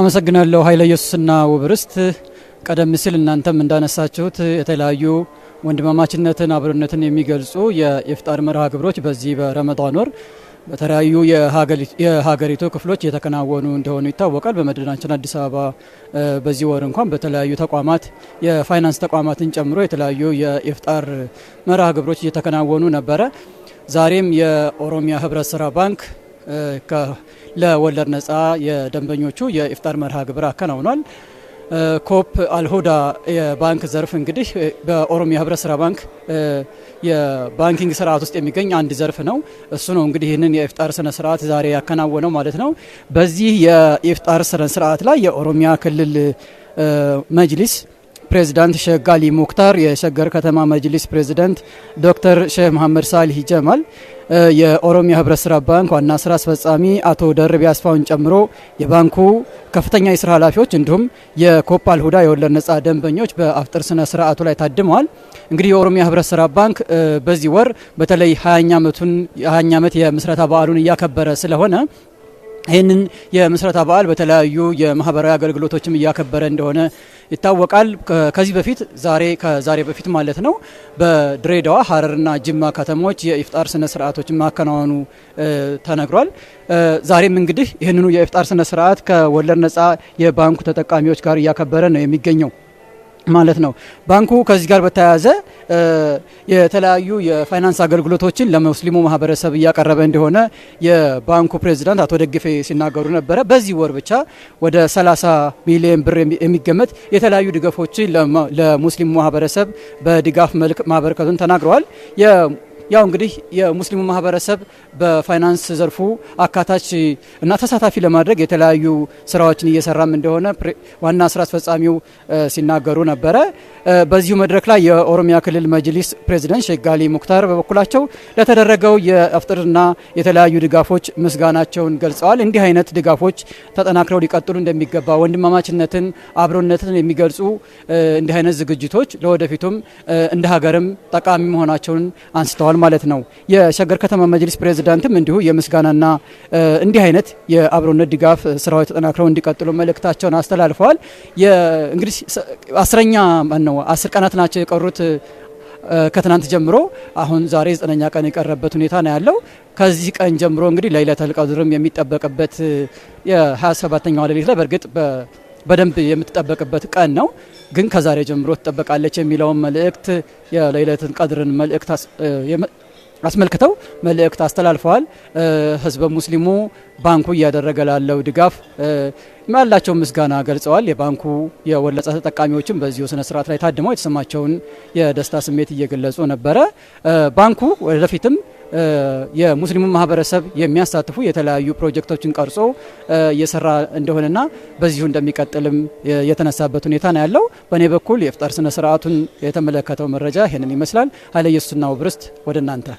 አመሰግናለሁ ኃይለ ኢየሱስና ውብርስት። ቀደም ሲል እናንተም እንዳነሳችሁት የተለያዩ ወንድማማችነትን አብሮነትን የሚገልጹ የኢፍጣር መርሃ ግብሮች በዚህ በረመዳን ወር በተለያዩ የሀገሪቱ ክፍሎች እየተከናወኑ እንደሆኑ ይታወቃል። በመዲናችን አዲስ አበባ በዚህ ወር እንኳን በተለያዩ ተቋማት የፋይናንስ ተቋማትን ጨምሮ የተለያዩ የኢፍጣር መርሃ ግብሮች እየተከናወኑ ነበረ። ዛሬም የኦሮሚያ ህብረት ስራ ባንክ ለወለድ ነጻ የደንበኞቹ የኢፍጣር መርሃ ግብር አከናውኗል። ኮፕ አልሆዳ የባንክ ዘርፍ እንግዲህ በኦሮሚያ ህብረት ስራ ባንክ የባንኪንግ ስርዓት ውስጥ የሚገኝ አንድ ዘርፍ ነው። እሱ ነው እንግዲህ ይህንን የኢፍጣር ስነ ስርዓት ዛሬ ያከናወነው ማለት ነው። በዚህ የኢፍጣር ስነ ስርዓት ላይ የኦሮሚያ ክልል መጅሊስ ፕሬዚዳንት ሼህ ጋሊ ሙክታር፣ የሸገር ከተማ መጅሊስ ፕሬዚዳንት ዶክተር ሼህ መሐመድ ሳሊህ ጀማል፣ የኦሮሚያ ህብረት ስራ ባንክ ዋና ስራ አስፈጻሚ አቶ ደርቤ አስፋውን ጨምሮ የባንኩ ከፍተኛ የስራ ኃላፊዎች እንዲሁም የኮፓ አልሁዳ የወለድ ነጻ ደንበኞች በአፍጥር ስነ ስርዓቱ ላይ ታድመዋል። እንግዲህ የኦሮሚያ ህብረት ስራ ባንክ በዚህ ወር በተለይ ሀያኛ ዓመቱን ሀያኛ ዓመት የምስረታ በዓሉን እያከበረ ስለሆነ ይህንን የምስረታ በዓል በተለያዩ የማህበራዊ አገልግሎቶችም እያከበረ እንደሆነ ይታወቃል። ከዚህ በፊት ዛሬ ከዛሬ በፊት ማለት ነው በድሬዳዋ ሀረርና ጅማ ከተሞች የኢፍጣር ስነ ስርዓቶችን ማከናወኑ ተነግሯል። ዛሬም እንግዲህ ይህንኑ የኢፍጣር ስነ ስርዓት ከወለድ ነጻ የባንኩ ተጠቃሚዎች ጋር እያከበረ ነው የሚገኘው ማለት ነው። ባንኩ ከዚህ ጋር በተያያዘ የተለያዩ የፋይናንስ አገልግሎቶችን ለሙስሊሙ ማህበረሰብ እያቀረበ እንደሆነ የባንኩ ፕሬዚዳንት አቶ ደግፌ ሲናገሩ ነበረ። በዚህ ወር ብቻ ወደ 30 ሚሊዮን ብር የሚገመት የተለያዩ ድጋፎችን ለሙስሊሙ ማህበረሰብ በድጋፍ መልክ ማበረከቱን ተናግረዋል። ያው እንግዲህ የሙስሊሙ ማህበረሰብ በፋይናንስ ዘርፉ አካታች እና ተሳታፊ ለማድረግ የተለያዩ ስራዎችን እየሰራም እንደሆነ ዋና ስራ አስፈጻሚው ሲናገሩ ነበረ። በዚሁ መድረክ ላይ የኦሮሚያ ክልል መጅሊስ ፕሬዚደንት ሼክ ጋሊ ሙክታር በበኩላቸው ለተደረገው የአፍጥርና የተለያዩ ድጋፎች ምስጋናቸውን ገልጸዋል። እንዲህ አይነት ድጋፎች ተጠናክረው ሊቀጥሉ እንደሚገባ ወንድማማችነትን፣ አብሮነትን የሚገልጹ እንዲህ አይነት ዝግጅቶች ለወደፊቱም እንደ ሀገርም ጠቃሚ መሆናቸውን አንስተዋል። ማለት ነው። የሸገር ከተማ መጅሊስ ፕሬዚዳንትም እንዲሁ የምስጋናና እንዲህ አይነት የአብሮነት ድጋፍ ስራዎች ተጠናክረው እንዲቀጥሉ መልእክታቸውን አስተላልፈዋል። እንግዲህ አስረኛ ነው አስር ቀናት ናቸው የቀሩት ከትናንት ጀምሮ አሁን ዛሬ ዘጠነኛ ቀን የቀረበት ሁኔታ ነው ያለው። ከዚህ ቀን ጀምሮ እንግዲህ ለይለተል ቀድርም የሚጠበቅበት የ27ተኛው ሌሊት ላይ በእርግጥ በደንብ የምትጠበቅበት ቀን ነው። ግን ከዛሬ ጀምሮ ትጠበቃለች የሚለውን መልእክት የለይለቱል ቀድርን መልእክት አስመልክተው መልእክት አስተላልፈዋል። ህዝበ ሙስሊሙ ባንኩ እያደረገ ላለው ድጋፍ ያላቸው ምስጋና ገልጸዋል። የባንኩ የወለጸ ተጠቃሚዎችም በዚሁ ስነ ስርዓት ላይ ታድመው የተሰማቸውን የደስታ ስሜት እየገለጹ ነበረ። ባንኩ ወደፊትም የሙስሊሙ ማህበረሰብ የሚያሳትፉ የተለያዩ ፕሮጀክቶችን ቀርጾ እየሰራ እንደሆነና በዚሁ እንደሚቀጥልም የተነሳበት ሁኔታ ነው ያለው። በእኔ በኩል የፍጣር ስነ የተመለከተው መረጃ ይህንን ይመስላል። ኃይለ ኢየሱስና ውብርስት ወደ እናንተ